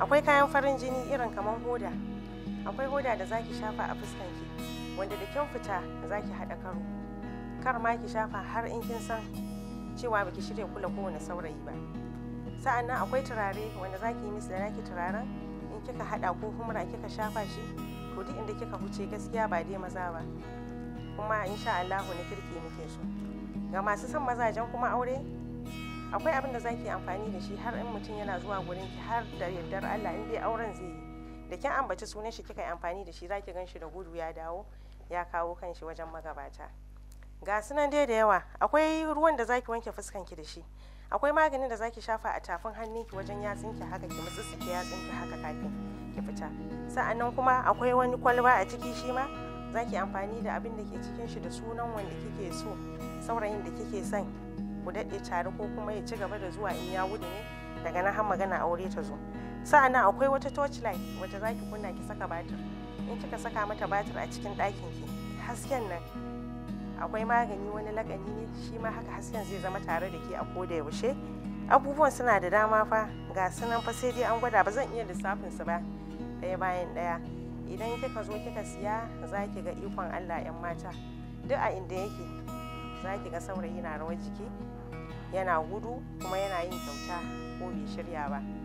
akwai kayan farin jini irin kamar hoda akwai hoda da zaki shafa a fuskanki wanda da kyan fita zaki haɗa karo kar ma ki shafa har in kin san cewa baki shirya kula kowane saurayi ba Sa'annan akwai turare wanda zaki yi da naki turaren in kika haɗa ko humra kika shafa shi to duk inda kika huce gaskiya ba dai maza ba kuma insha Allahu na kirki muke so ga masu son mazajen kuma aure akwai abin da za ki amfani da shi har in mutum yana zuwa gurin ki har da yardar Allah in dai auren zai yi da kin ambaci sunan shi kika yi amfani da shi za ki gan shi da gudu ya dawo ya kawo kanshi wajen magabata ga sunan dai da yawa akwai ruwan da za ki wanke fuskan ki da shi akwai maganin da za ki shafa a tafin hannun hannunki wajen ki haka ki mutsutsuke yatsunki haka kafin ki fita sa'annan kuma akwai wani kwalba a ciki shi ma za zaki amfani da abin da ke cikin shi da sunan wanda kike so saurayin da kike son ku daɗe tare ko kuma ya ci gaba da zuwa in ya wuce ne daga nan har magana aure ta zo sa'annan akwai wata torchlight wacce za ki kunna ki saka batir in kika saka mata batir a cikin ɗakin ki hasken nan akwai magani wani lakani ne shi ma haka hasken zai zama tare da ke a koda yaushe abubuwan suna da dama fa ga sunan fa sai dai an gwada ba zan iya lissafin su ba ɗaya bayan ɗaya idan kika zo kika siya za ki ga ikon allah 'yan mata duk a inda yake za ki ga saurayi na rawar jiki yana gudu kuma yana yin kyauta ko bai shirya ba